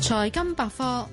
財金百科。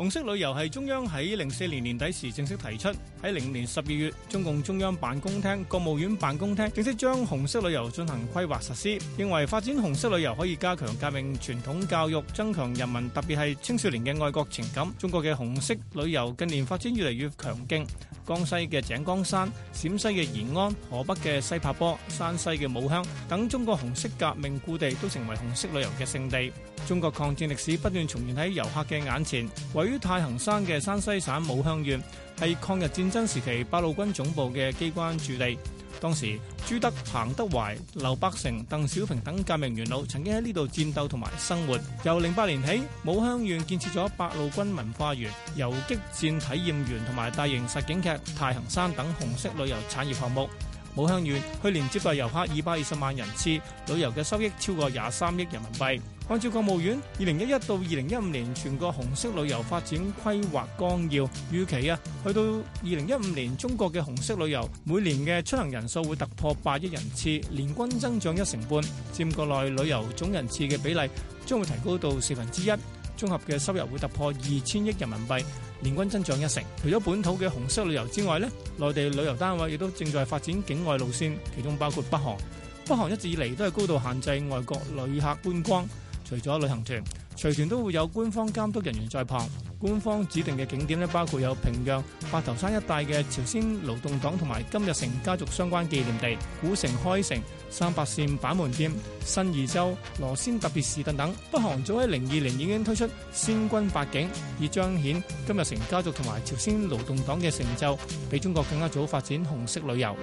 紅色旅遊係中央喺零四年年底時正式提出，喺零五年十二月，中共中央辦公廳、國務院辦公廳正式將紅色旅遊進行規劃實施，認為發展紅色旅遊可以加強革命傳統教育，增強人民特別係青少年嘅愛國情感。中國嘅紅色旅遊近年發展越嚟越強勁，江西嘅井岡山、陝西嘅延安、河北嘅西柏坡、山西嘅武鄉等中國紅色革命故地都成為紅色旅遊嘅勝地。中國抗戰歷史不斷重現喺遊客嘅眼前，位於於太行山嘅山西省武鄉縣，係抗日戰爭時期八路軍總部嘅機關駐地。當時，朱德、彭德懷、劉伯承、鄧小平等革命元老曾經喺呢度戰鬥同埋生活。由零八年起，武鄉縣建設咗八路軍文化園、游擊戰體驗園同埋大型實景劇《太行山》等紅色旅遊產業項目。武鄉縣去年接待遊客二百二十萬人次，旅遊嘅收益超過廿三億人民幣。按照國務院二零一一到二零一五年全國紅色旅遊發展規劃綱要，預期啊，去到二零一五年，中國嘅紅色旅遊每年嘅出行人數會突破八億人次，年均增長一成半，佔國內旅遊總人次嘅比例將會提高到四分之一。綜合嘅收入會突破二千億人民幣，年均增長一成。除咗本土嘅紅色旅遊之外，呢內地旅遊單位亦都正在發展境外路線，其中包括北韓。北韓一直以嚟都係高度限制外國旅客觀光，除咗旅行團，隨團都會有官方監督人員在旁。官方指定嘅景點包括有平壤白頭山一帶嘅朝鮮勞動黨同埋金日成家族相關紀念地、古城開城、三八線板門店、新義州、羅先特別市等等。北韓早喺零二年已經推出先軍八景，以彰顯金日成家族同埋朝鮮勞動黨嘅成就，比中國更加早發展紅色旅遊。